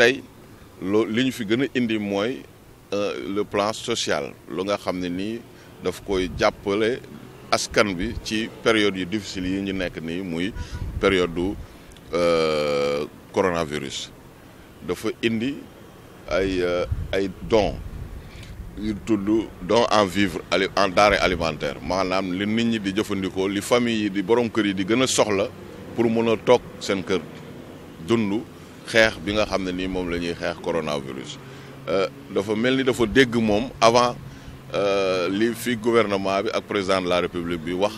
tey loo li ñu fi gëna a indi mooy euh, le plan social lu nga xamni ni daf koy jàppale askan bi ci période yu difficile yi ñu nekk ni muy période du euh, coronavirus dafa indi ay euh, ay dons yu tudd don en vivre en denrée alimentaire manam li nit ñi di jëfëndiko li famille yi di borom kër yi di gëna soxla pour mëna tok seen kër dundu xeex bi nga xam ne nii moom la ñuy xeex coronavirus euh, dafa mel ni dafa dégg moom avant euh, li fi gouvernement bi ak président de la république bi wax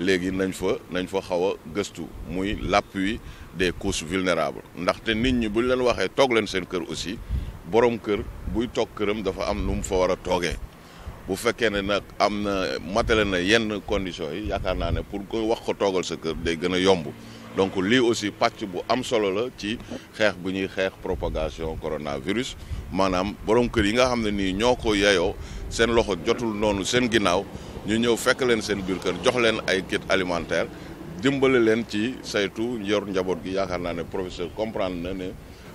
léegi nañ fa nañ fa xaw a gëstu muy làpp l'appui des couches vulnérables ndaxte nit ñi buñ leen waxee toog leen seen kër aussi borom kër buy toog këram dafa am lu mu fa war a toogee bu fekkee ne nag am na matale na yenn conditions yi yaakaar naa ne pour ko wax ko toogal sa kër day gën a yomb donc lii aussi pàcc bu am solo la ci xeex bu ñuy xeex propagation coronavirus maanaam borom kër yi nga xam ne nii ñoo ko yeyoo seen loxo jotul noonu seen ginnaaw ñu ñëw fekk leen seen biir jox leen ay kit alimentaire dimbale leen ci saytu yor njaboot gi yaakaar naa ne professeur comprendre na ne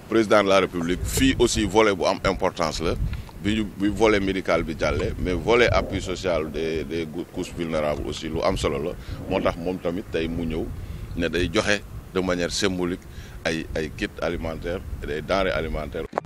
président de la république fii aussi vole bu am importance la bi bi volet médical bi jàllee mais volet appui social de des couches vulnérables aussi lu am solo la moo tax moom tamit tey mu ñëw ne day joxe de manière symbolique ay ay kits alimentaires et des alimentaires